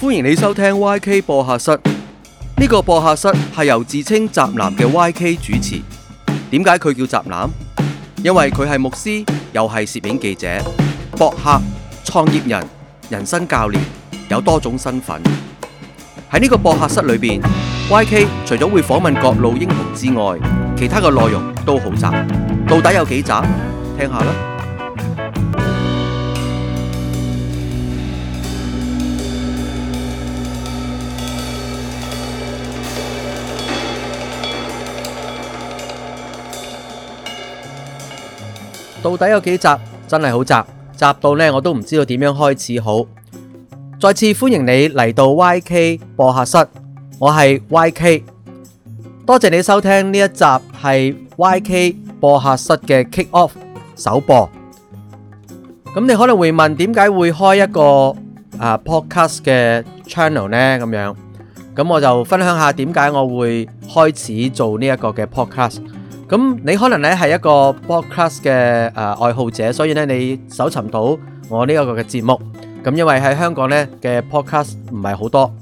歡迎你收聽 YK 播客室，呢、這個播客室係由自稱宅男嘅 YK 主持。點解佢叫宅男？因為佢係牧師，又係攝影記者、博客、創業人、人生教練，有多種身份。喺呢個播客室裏面 YK 除咗會訪問各路英雄之外，其他嘅內容都好雜。到底有幾雜？聽下啦。到底有幾集？真係好雜，雜到呢我都唔知道點樣開始好。再次歡迎你嚟到 YK 播客室，我係 YK。多謝你收聽呢一集，係 YK 播客室嘅 kick off 首播。咁你可能會問，點解會開一個啊 podcast 嘅 channel 呢？咁樣，咁我就分享下點解我會開始做呢一個嘅 podcast。咁你可能咧係一個 podcast 嘅誒愛好者，所以咧你搜尋到我呢一個嘅節目。咁因為喺香港咧嘅 podcast 唔係好多，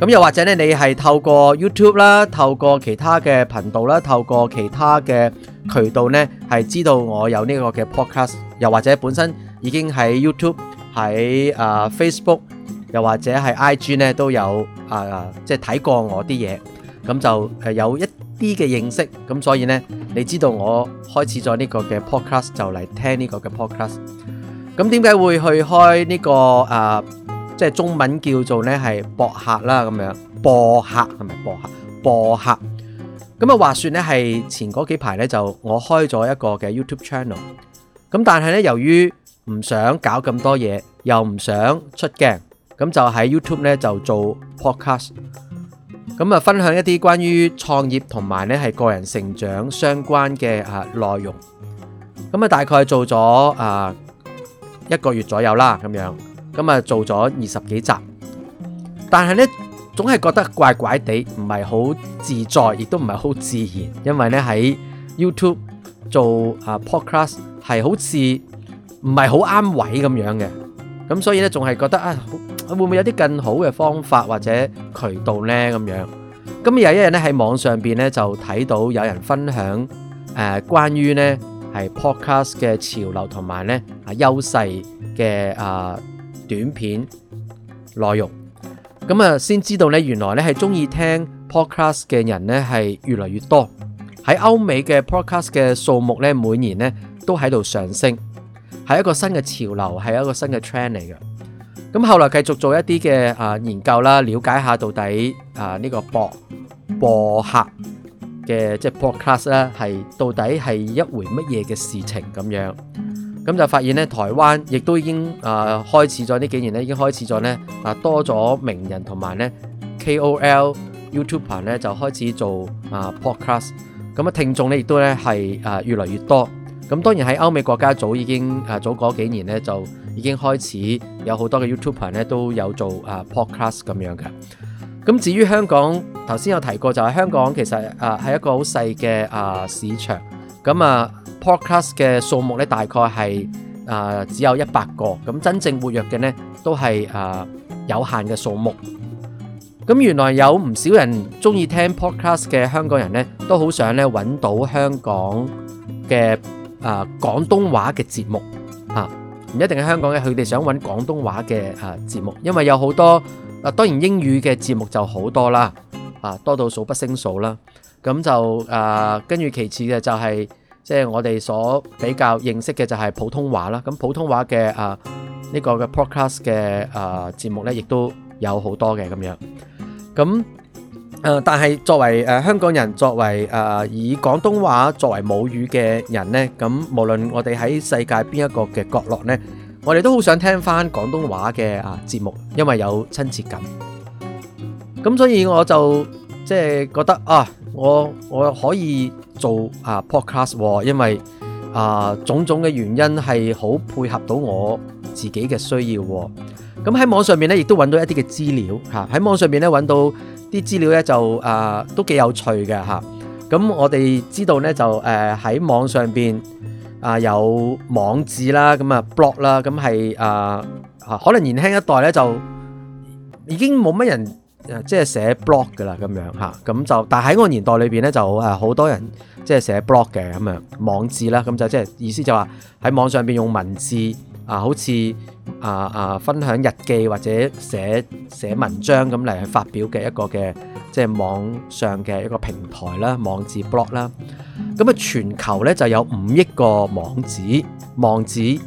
咁又或者咧你係透過 YouTube 啦，透過其他嘅頻道啦，透過其他嘅渠道咧係知道我有呢個嘅 podcast，又或者本身已經喺 YouTube 喺誒 Facebook，又或者係 IG 咧都有啊，即係睇過我啲嘢，咁就係有一啲嘅認識，咁所以呢，你知道我開始咗呢個嘅 podcast 就嚟聽呢個嘅 podcast，咁點解會去開呢個誒、呃，即係中文叫做呢係博客啦咁樣，博客係咪博客？博客。咁啊話説呢係前嗰幾排呢，就我開咗一個嘅 YouTube channel，咁但係呢，由於唔想搞咁多嘢，又唔想出鏡，咁就喺 YouTube 呢就做 podcast。咁啊，分享一啲關於創業同埋呢係個人成長相關嘅啊內容。咁啊，大概做咗啊一個月左右啦，咁樣。咁啊，做咗二十幾集，但係呢，總係覺得怪怪地，唔係好自在，亦都唔係好自然。因為呢喺 YouTube 做啊 Podcast 係好似唔係好啱位咁樣嘅，咁所以呢，仲係覺得啊。會唔會有啲更好嘅方法或者渠道呢？咁樣。咁有一日咧，喺網上邊咧，就睇到有人分享誒、呃、關於呢係 podcast 嘅潮流同埋呢啊優勢嘅啊短片內容，咁啊先知道呢，原來呢係中意聽 podcast 嘅人呢係越嚟越多，喺歐美嘅 podcast 嘅數目呢，每年呢都喺度上升，係一個新嘅潮流，係一個新嘅 trend 嚟嘅。咁後來繼續做一啲嘅啊研究啦，了解下到底啊呢個播，播客嘅即係 podcast 咧，係到底係一回乜嘢嘅事情咁樣。咁就發現呢，台灣亦都已經啊開始咗呢幾年咧，已經開始咗呢，啊多咗名人同埋呢 KOL、YouTuber 呢就開始做啊 podcast。咁啊聽眾呢亦都呢係啊越嚟越多。咁當然喺歐美國家早已經啊早嗰幾年呢就。已經開始有好多嘅 YouTube 人咧都有做啊 Podcast 咁樣嘅。咁至於香港，頭先有提過就係香港其實啊係一個好細嘅啊市場。咁啊 Podcast 嘅數目咧大概係啊只有一百個。咁真正活躍嘅咧都係啊有限嘅數目。咁原來有唔少人中意聽 Podcast 嘅香港人咧都好想咧揾到香港嘅啊廣東話嘅節目。唔一定係香港嘅，佢哋想揾廣東話嘅啊節目，因為有好多啊，當然英語嘅節目就好多啦，啊多到數不勝數啦。咁就啊，跟住其次嘅就係即係我哋所比較認識嘅就係普通話啦。咁普通話嘅啊呢個嘅 podcast 嘅啊節目呢，亦都有好多嘅咁樣。咁呃、但係作為誒、呃、香港人，作為誒、呃、以廣東話作為母語嘅人呢，咁無論我哋喺世界邊一個嘅角落呢，我哋都好想聽翻廣東話嘅啊節目，因為有親切感。咁所以我就即係覺得啊，我我可以做啊 Podcast 喎、啊，因為啊種種嘅原因係好配合到我自己嘅需要。啊咁喺網上面咧，亦都揾到一啲嘅資料嚇。喺網上面咧揾到啲資料咧，就啊都幾有趣嘅嚇。咁我哋知道咧，就誒喺網上邊啊有網誌啦，咁啊 blog 啦，咁係啊啊可能年輕一代咧就已經冇乜人誒即係寫 blog 噶啦，咁樣嚇。咁就但喺個年代裏邊咧，就誒好多人即係寫 blog 嘅咁樣網誌啦，咁就即係意思就話喺網上邊用文字。啊，好似啊啊，分享日記或者寫寫文章咁嚟去發表嘅一個嘅，即係網上嘅一個平台啦，網誌 blog 啦。咁啊，全球咧就有五億個網誌，網誌，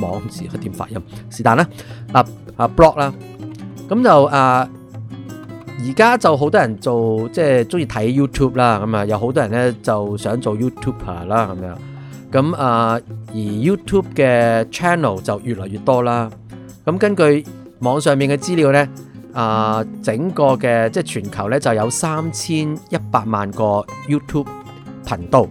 網誌，佢點發音？是但啦，啊啊 blog 啦。咁就啊，而家、啊、就好多人做，即係中意睇 YouTube 啦。咁啊，有好多人咧就想做 YouTuber 啦、啊，咁樣。咁啊，而 YouTube 嘅 channel 就越嚟越多啦。咁根據網上面嘅資料呢，啊，整個嘅即係全球呢就有三千一百萬個 YouTube 頻道，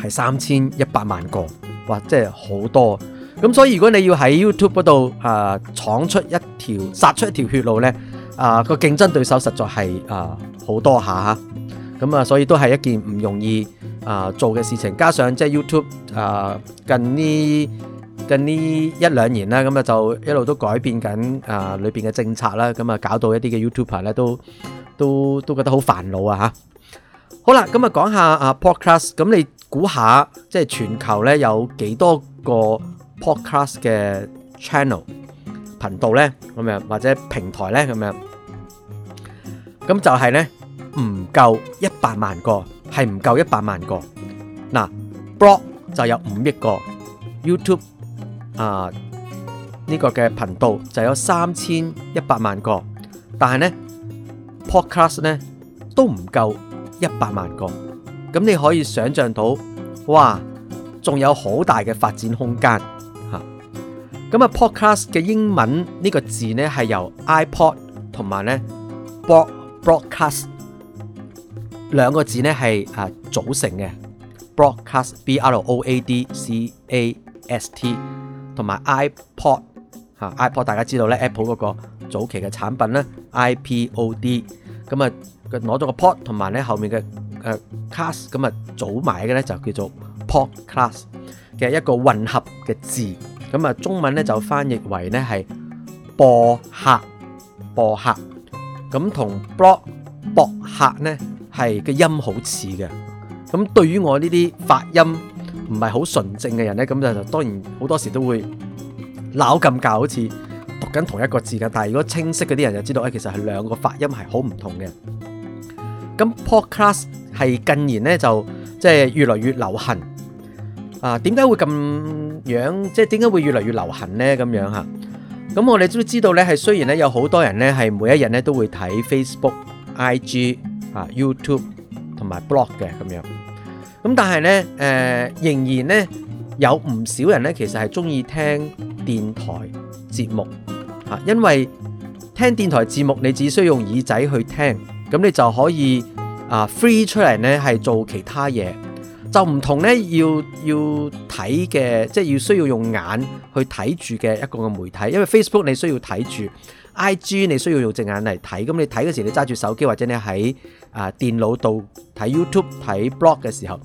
係三千一百萬個，哇！即係好多。咁所以如果你要喺 YouTube 度，啊，闖出一條殺出一條血路呢，啊個競爭對手實在係啊好多下嚇。啊咁啊，所以都係一件唔容易啊做嘅事情。加上即係 YouTube 啊、呃，近呢近呢一兩年啦，咁啊就一路都改變緊啊、呃、裏邊嘅政策啦。咁啊搞到一啲嘅 YouTuber 咧都都都覺得好煩惱啊吓。好啦，咁啊講下啊 Podcast。咁你估下，即係全球咧有幾多個 Podcast 嘅 channel 頻道咧？咁樣或者平台咧？咁樣，咁就係咧。唔夠一百萬個，係唔夠一百萬個嗱、啊。blog 就有五億個，YouTube 啊呢、呢個嘅頻道就有三千一百萬個，但係呢 podcast 呢都唔夠一百萬個。咁你可以想象到，哇，仲有好大嘅發展空間嚇。咁啊，podcast 嘅英文呢個字呢係由 iPod 同埋呢 broadcast。Broad, Broad 兩個字呢係啊組成嘅 broadcast，b r o a d c a s t 同埋 iPod，嚇、啊、iPod 大家知道呢 Apple 嗰個早期嘅產品呢 iPod，咁啊佢攞咗個 pod 同埋呢後面嘅誒 cast 咁啊組埋嘅呢就叫做 podcast 嘅一個混合嘅字，咁啊中文呢就翻譯為呢係播客播客，咁同 blog 博客呢。係個音好似嘅，咁對於我呢啲發音唔係好純正嘅人呢，咁就當然好多時都會鬧咁搞，好似讀緊同一個字㗎。但係如果清晰嗰啲人就知道咧、哎，其實係兩個發音係好唔同嘅。咁 Podcast 係近年呢就即係越嚟越流行啊！點解會咁樣？即係點解會越嚟越流行呢？咁樣吓？咁我哋都知道呢，係雖然呢有好多人呢係每一日呢都會睇 Facebook、IG。啊，YouTube 同埋 blog 嘅咁樣，咁但係呢，誒、呃、仍然呢，有唔少人呢其實係中意聽電台節目，啊，因為聽電台節目你只需要用耳仔去聽，咁你就可以啊 free 出嚟呢係做其他嘢，就唔同呢要要睇嘅，即係要需要用眼去睇住嘅一個媒體，因為 Facebook 你需要睇住。IG 你需要用隻眼嚟睇，咁你睇嘅時候你揸住手機或者你喺啊電腦度睇 YouTube 睇 blog 嘅時候，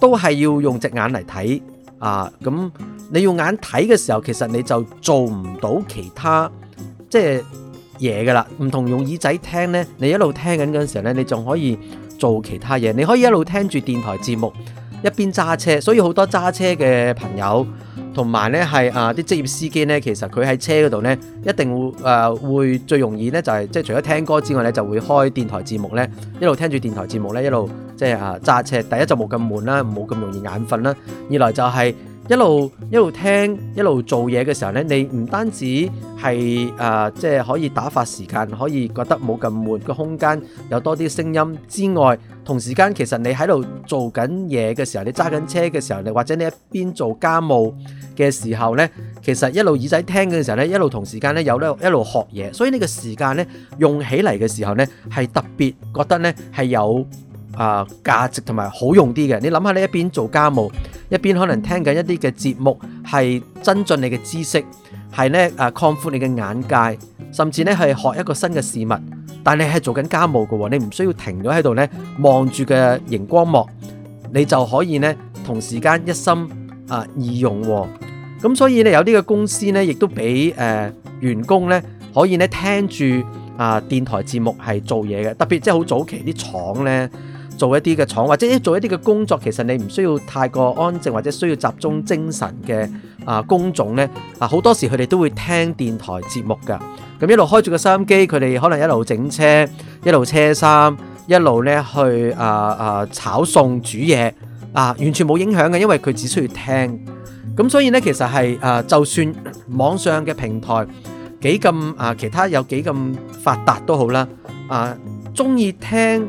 都係要用隻眼嚟睇啊。咁你用眼睇嘅時候，其實你就做唔到其他即係嘢噶啦。唔、就是、同用耳仔聽呢，你一路聽緊嗰陣時候呢，你仲可以做其他嘢。你可以一路聽住電台節目一邊揸車，所以好多揸車嘅朋友。同埋呢係啊啲職業司機呢，其實佢喺車嗰度呢，一定會誒會最容易呢，就係即係除咗聽歌之外呢，就會開電台節目呢，一路聽住電台節目呢，一路即係啊揸車，第一就冇咁悶啦，冇咁容易眼瞓啦，二來就係、是。一路一路聽，一路做嘢嘅時候呢，你唔單止係誒，即係可以打發時間，可以覺得冇咁悶，個空間有多啲聲音之外，同時間其實你喺度做緊嘢嘅時候，你揸緊車嘅時候，你或者你一邊做家務嘅時候呢，其實一路耳仔聽嘅時候呢，一路同時間呢，有一路，一路學嘢，所以呢個時間呢，用起嚟嘅時候呢，係特別覺得呢係有。啊，價值同埋好用啲嘅。你諗下，你一邊做家務，一邊可能聽緊一啲嘅節目，係增進你嘅知識，係咧啊，擴闊你嘅眼界，甚至咧係學一個新嘅事物。但你係做緊家務嘅喎，你唔需要停咗喺度咧望住嘅熒光幕，你就可以咧同時間一心啊二用喎。咁所以咧有啲個公司咧，亦都俾誒、呃呃、員工咧可以咧聽住啊、呃、電台節目係做嘢嘅，特別即係好早期啲廠咧。做一啲嘅廠，或者做一啲嘅工作，其實你唔需要太過安靜，或者需要集中精神嘅啊工種呢啊，好多時佢哋都會聽電台節目嘅，咁一路開住個收音機，佢哋可能一路整車，一路車衫，一路呢去啊啊、呃、炒餸煮嘢啊、呃，完全冇影響嘅，因為佢只需要聽。咁所以呢，其實係誒、呃，就算網上嘅平台幾咁啊，其他有幾咁發達都好啦啊，鍾、呃、意聽。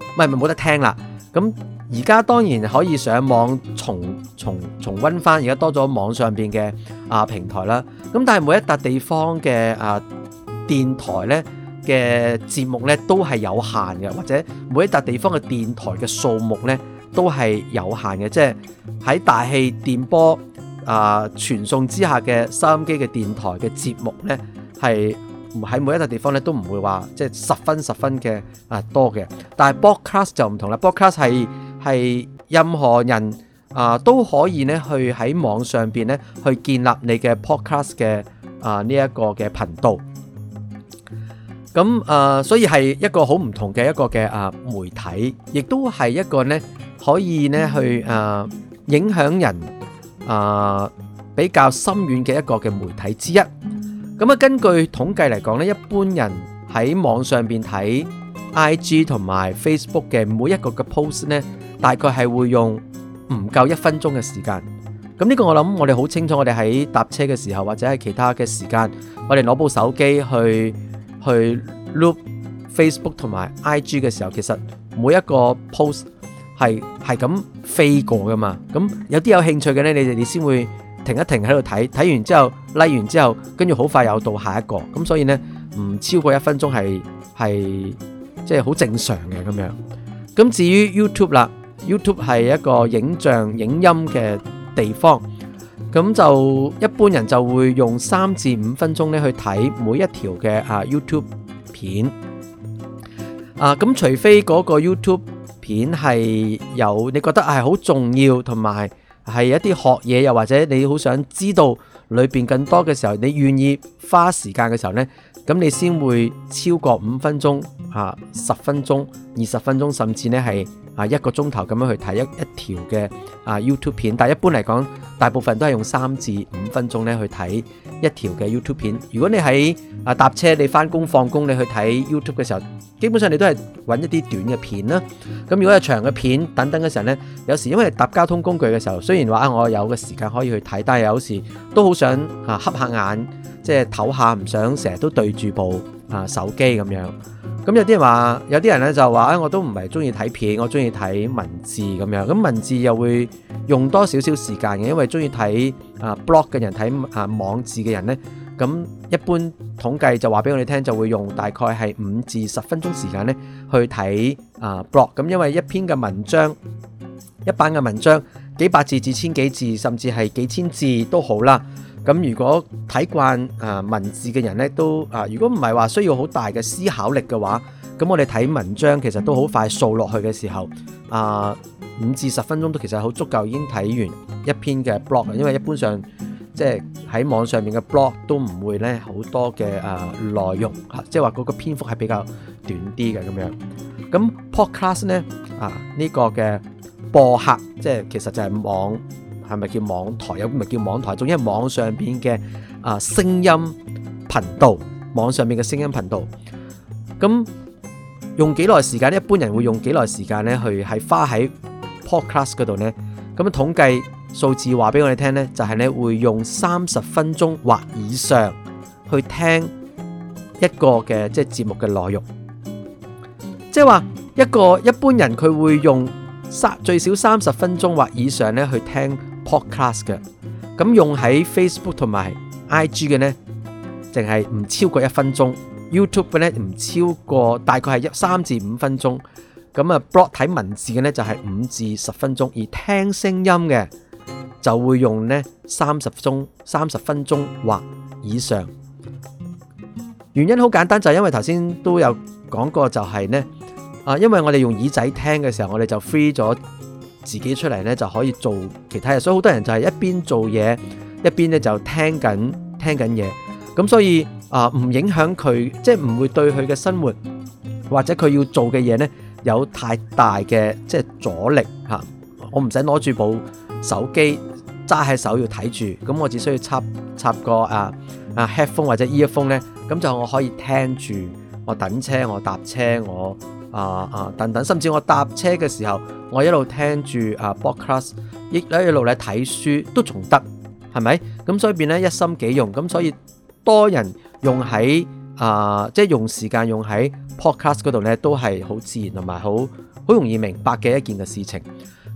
唔係，唔係冇得聽啦，咁而家當然可以上網重重重重溫翻，而家多咗網上邊嘅啊平台啦。咁但係每一笪地方嘅啊電台呢嘅節目呢都係有限嘅，或者每一笪地方嘅電台嘅數目呢都係有限嘅，即係喺大氣電波啊傳送之下嘅收音機嘅電台嘅節目呢係。喺每一個地方咧都唔會話即係十分十分嘅啊多嘅，但係 podcast 就唔同啦，podcast 係係任何人啊都可以咧去喺網上邊咧去建立你嘅 podcast 嘅啊呢一個嘅頻道。咁啊，所以係一個好唔同嘅一個嘅啊媒體，亦都係一個咧可以咧去啊影響人啊比較深遠嘅一個嘅媒體之一。咁啊，根據統計嚟講呢，一般人喺網上邊睇 IG 同埋 Facebook 嘅每一個嘅 post 呢，大概係會用唔夠一分鐘嘅時間。咁呢個我諗我哋好清楚，我哋喺搭車嘅時候或者係其他嘅時間，我哋攞部手機去去 look Facebook 同埋 IG 嘅時候，其實每一個 post 係係咁飛過㗎嘛。咁有啲有興趣嘅呢，你哋你先會，停一停喺度睇，睇完之後拉完之後，跟住好快又到下一個，咁所以呢，唔超過一分鐘係係即係好正常嘅咁樣。咁至於 YouTube YouTube 啦，YouTube 係一個影像影音嘅地方，咁就一般人就會用三至五分鐘咧去睇每一條嘅啊 YouTube 片。啊咁，除非嗰個 YouTube 片係有你覺得係好重要同埋。係一啲學嘢，又或者你好想知道裏面更多嘅時候，你願意花時間嘅時候呢，咁你先會超過五分鐘，嚇，十分鐘、二十分鐘，甚至呢係。啊，一個鐘頭咁樣去睇一一條嘅啊 YouTube 片，但係一般嚟講，大部分都係用三至五分鐘咧去睇一條嘅 YouTube 片。如果你喺啊搭車、你翻工、放工，你去睇 YouTube 嘅時候，基本上你都係揾一啲短嘅片啦。咁如果係長嘅片等等嘅時候呢，有時因為搭交通工具嘅時候，雖然話我有個時間可以去睇，但係有時都好想啊瞌下眼，即係唞下，唔想成日都對住部啊手機咁樣。咁有啲人話，有啲人咧就話，誒，我都唔係中意睇片，我中意睇文字咁樣。咁文字又會用多少少時間嘅？因為中意睇啊 blog 嘅人，睇啊網字嘅人呢，咁一般統計就話俾我哋聽，就會用大概係五至十分鐘時間呢去睇啊 blog。咁因為一篇嘅文章，一版嘅文章幾百字至千幾字，甚至係幾千字都好啦。咁如果睇慣啊文字嘅人呢，都啊如果唔係話需要好大嘅思考力嘅話，咁我哋睇文章其實都好快掃落去嘅時候，啊五至十分鐘都其實好足夠已經睇完一篇嘅 blog 喇，因為一般上即係喺網上面嘅 blog 都唔會呢好多嘅啊內容嚇，即係話嗰個篇幅係比較短啲嘅咁樣。咁 podcast 呢，啊呢個嘅播客即係其實就係網。係咪叫網台？有咪叫網台？總之網上邊嘅啊聲音頻道，網上面嘅聲音頻道。咁用幾耐時間？一般人會用幾耐時間呢？去係花喺 podcast 嗰度呢？咁統計數字話俾我哋聽呢，就係呢會用三十分鐘或以上去聽一個嘅即係節目嘅內容，即係話一個一般人佢會用三最少三十分鐘或以上呢去聽。podcast 嘅，咁用喺 Facebook 同埋 IG 嘅呢，淨係唔超過一分鐘；YouTube 嘅呢，唔超過大概係一三至五分鐘。咁啊，blog 睇文字嘅呢，就係、是、五至十分鐘，而聽聲音嘅就會用呢三十鐘、三十分鐘或以上。原因好簡單，就係、因為頭先都有講過，就係呢，啊，因為我哋用耳仔聽嘅時候，我哋就 free 咗。自己出嚟咧就可以做其他嘢，所以好多人就係一邊做嘢一邊咧就聽緊聽緊嘢，咁所以啊唔、呃、影響佢，即係唔會對佢嘅生活或者佢要做嘅嘢呢有太大嘅即係阻力嚇、啊。我唔使攞住部手機揸喺手要睇住，咁我只需要插插個啊啊 headphone 或者 earphone 呢，咁就我可以聽住，我等車，我搭車我。啊啊等等，甚至我搭車嘅時候，我一路聽住啊 podcast，亦咧一路咧睇書都仲得，係咪？咁所以變咧一心幾用，咁所以多人用喺啊、呃、即係用時間用喺 podcast 嗰度咧，都係好自然同埋好好容易明白嘅一件嘅事情。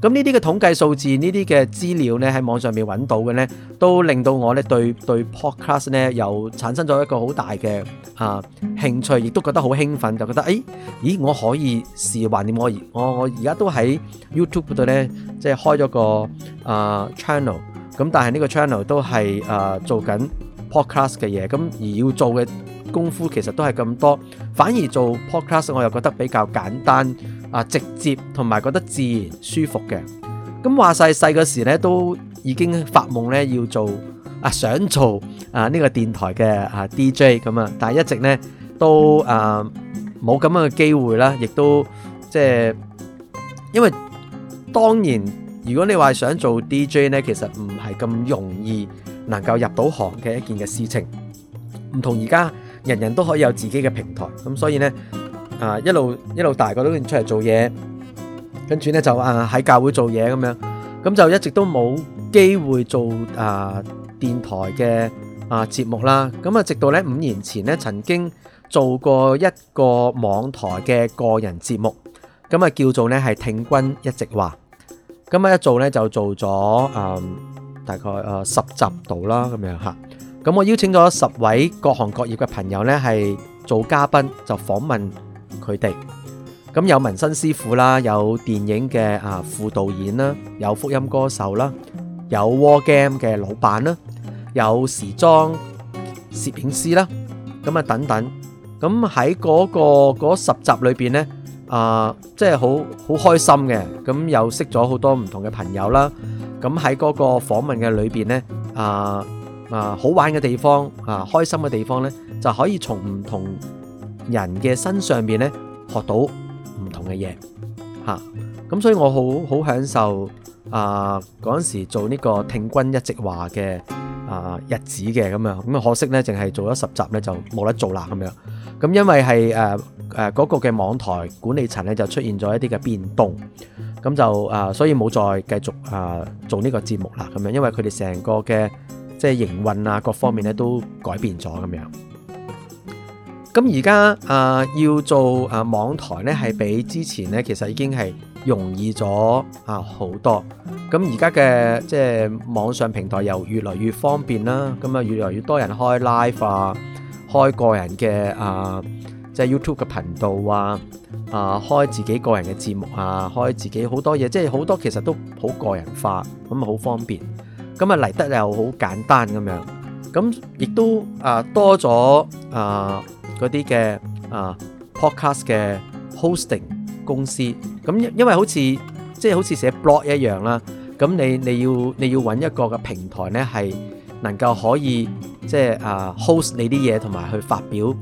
咁呢啲嘅統計數字，呢啲嘅資料呢喺網上面揾到嘅呢，都令到我呢對對 podcast 呢又產生咗一個好大嘅嚇、啊、興趣，亦都覺得好興奮，就覺得誒、哎，咦我可以試，還點可以？我我而家都喺 YouTube 嗰度呢，即係開咗個啊 channel，咁但係呢個 channel 都係、呃、做緊 podcast 嘅嘢，咁而要做嘅功夫其實都係咁多，反而做 podcast 我又覺得比較簡單。啊，直接同埋覺得自然舒服嘅，咁話曬細個時咧都已經發夢咧要做啊，想做啊呢個電台嘅啊 DJ 咁啊，但係一直咧都啊冇咁樣嘅機會啦，亦都即係因為當然，如果你話想做 DJ 咧，其實唔係咁容易能夠入到行嘅一件嘅事情，唔同而家人人都可以有自己嘅平台，咁所以咧。啊！一路一路大個都出嚟做嘢，跟住呢就啊喺教會做嘢咁樣，咁就一直都冇機會做啊電台嘅啊節目啦。咁啊，直到呢五年前呢曾經做過一個網台嘅個人節目，咁啊叫做呢係聽君一直話，咁啊一做呢就做咗誒大概誒十集度啦咁樣吓，咁我邀請咗十位各行各業嘅朋友呢係做嘉賓，就訪問。佢哋咁有紋身師傅啦，有電影嘅啊副導演啦，有福音歌手啦，有 War Game 嘅老闆啦，有時裝攝影師啦，咁啊等等。咁喺嗰個十集裏邊呢、呃呃，啊，即係好好開心嘅。咁又識咗好多唔同嘅朋友啦。咁喺嗰個訪問嘅裏邊呢，啊啊好玩嘅地方啊，開心嘅地方呢，就可以從唔同人嘅身上邊咧學到唔同嘅嘢吓，咁所以我好好享受啊嗰陣時做呢個聽君一席話嘅啊日子嘅咁樣，咁啊可惜咧，淨係做咗十集咧就冇得做啦咁樣。咁因為係誒誒嗰個嘅網台管理層咧就出現咗一啲嘅變動，咁就誒、呃、所以冇再繼續誒、呃、做呢個節目啦咁樣，因為佢哋成個嘅即係營運啊各方面咧都改變咗咁樣。咁而家啊，要做啊網台呢，係比之前呢，其實已經係容易咗啊好多。咁而家嘅即係網上平台又越嚟越方便啦。咁啊，越嚟越多人開 live 啊，開個人嘅啊，即係 YouTube 嘅頻道啊，啊，開自己個人嘅節目啊，開自己好多嘢，即係好多其實都好個人化，咁啊，好、嗯、方便，咁啊嚟得又好簡單咁樣，咁亦都啊多咗啊。嗰啲嘅啊 podcast 嘅 hosting 公司，咁因因為好似即係好似寫 blog 一樣啦，咁你你要你要揾一個嘅平台呢，係能夠可以即係啊 host 你啲嘢同埋去發表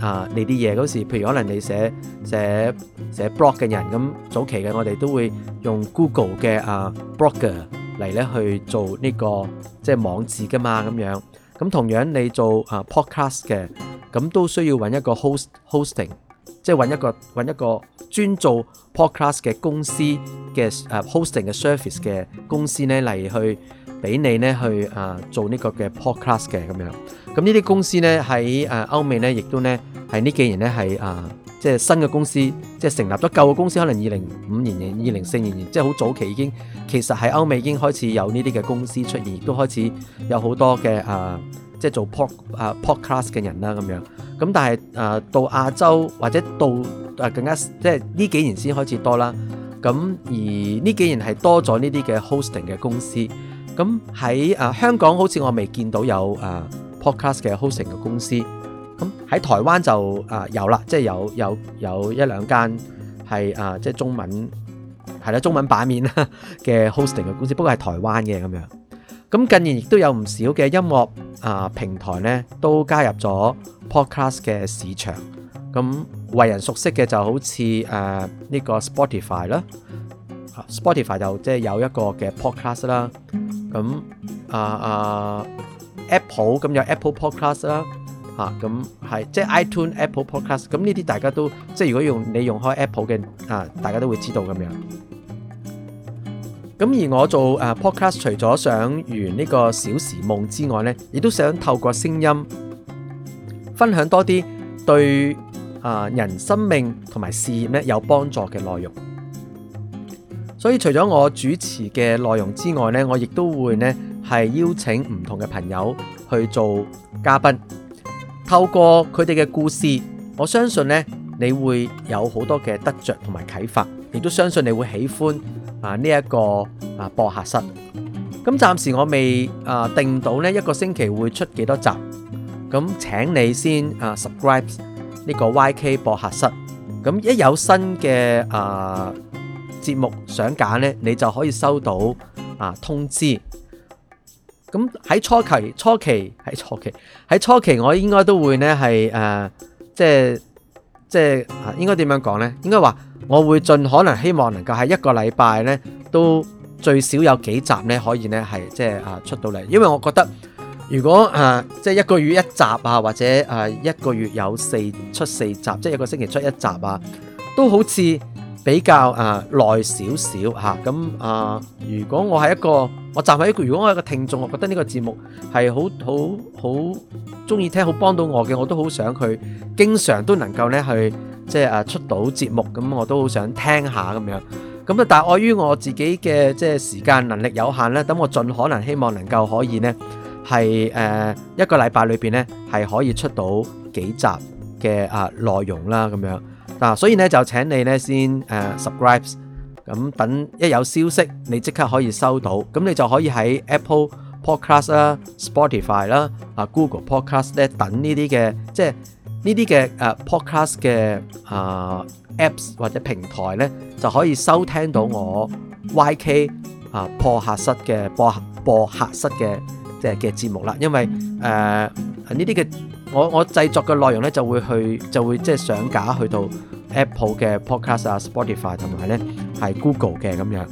啊、uh, 你啲嘢嗰時，譬如可能你寫寫寫 blog 嘅人，咁早期嘅我哋都會用 Google 嘅啊、uh, blogger 嚟咧去做呢、這個即係、就是、網誌噶嘛咁樣，咁同樣你做啊、uh, podcast 嘅。咁都需要揾一個 host hosting，即係揾一個揾一個專做 podcast 嘅公司嘅誒、啊、hosting 嘅 service 嘅公司呢嚟去俾你呢去啊做呢個嘅 podcast 嘅咁樣。咁呢啲公司呢喺誒歐美呢，亦都呢喺呢幾年呢，係啊，即係新嘅公司，即係成立咗舊嘅公司，可能二零五年、二零四年，即係好早期已經，其實喺歐美已經開始有呢啲嘅公司出現，亦都開始有好多嘅啊。即係做 pod 啊、uh, podcast 嘅人啦咁樣，咁但係誒、uh, 到亞洲或者到誒更加即係呢幾年先開始多啦，咁而呢幾年係多咗呢啲嘅 hosting 嘅公司，咁喺誒香港好似我未見到有誒、uh, podcast 嘅 hosting 嘅公司，咁喺台灣就誒、uh, 有啦，即係有有有一兩間係誒即係中文係啦中文版面啦嘅 hosting 嘅公司，不過係台灣嘅咁樣。咁近年亦都有唔少嘅音樂啊平台咧，都加入咗 podcast 嘅市場。咁為人熟悉嘅就好似呢、呃呢個 Spotify 啦、啊，Spotify 就即係有一個嘅 podcast 啦。咁啊啊 Apple 咁有 Apple podcast 啦，咁、啊、係即係、就是、iTune Apple podcast。咁呢啲大家都即係如果你用你用開 Apple 嘅啊，大家都會知道咁樣。咁而我做誒 podcast，除咗想完呢個小時夢之外呢，亦都想透過聲音分享多啲對啊人生命同埋事業咧有幫助嘅內容。所以除咗我主持嘅內容之外呢，我亦都會呢係邀請唔同嘅朋友去做嘉賓，透過佢哋嘅故事，我相信呢你會有好多嘅得着同埋啟發，亦都相信你會喜歡。啊！呢一個啊播客室，咁暫時我未啊定到呢一個星期會出幾多集，咁請你先啊 subscribe 呢個 YK 播客室，咁一有新嘅啊節目想揀呢，你就可以收到啊通知。咁喺初期初期喺初期喺初期，我應該都會呢係誒，即係即係啊，應該點樣講呢？應該話。我會盡可能希望能夠喺一個禮拜咧都最少有幾集咧可以咧係即係啊出到嚟，因為我覺得如果啊、呃、即係一個月一集啊，或者啊、呃、一個月有四出四集，即係一個星期出一集啊，都好似比較啊耐少少嚇。咁、呃、啊，如果我係一個我站喺一個如果我係一個聽眾，我覺得呢個節目係好好好中意聽，好幫到我嘅，我都好想佢經常都能夠咧去。即係誒出到節目咁，我都好想聽下咁樣。咁啊，但礙於我自己嘅即係時間能力有限咧，等我盡可能希望能夠可以咧，係誒一個禮拜裏邊咧係可以出到幾集嘅啊內容啦咁樣。嗱，所以咧就請你咧先誒 subscribe，咁等一有消息你即刻可以收到，咁你就可以喺 Apple Podcast 啦、Spotify 啦、啊 Google Podcast 咧等呢啲嘅即係。呢啲嘅誒 podcast 嘅啊 apps 或者平台呢，就可以收聽到我 YK 啊播客室嘅播播客室嘅即係嘅節目啦。因為誒呢啲嘅我我製作嘅內容呢就，就會去就會即係上架去到 Apple 嘅 podcast 啊、Spotify 同埋呢係 Google 嘅咁樣，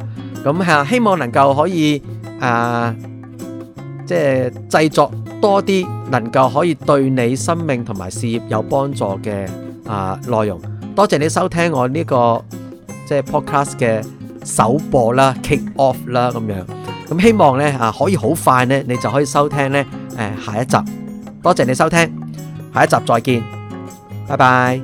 咁係希望能夠可以啊即係製作。多啲能夠可以對你生命同埋事業有幫助嘅啊內容，多謝你收聽我呢個即係 Podcast 嘅首播啦、kick off 啦咁樣，咁希望呢啊可以好快呢，你就可以收聽呢誒、呃、下一集。多謝你收聽，下一集再見，拜拜。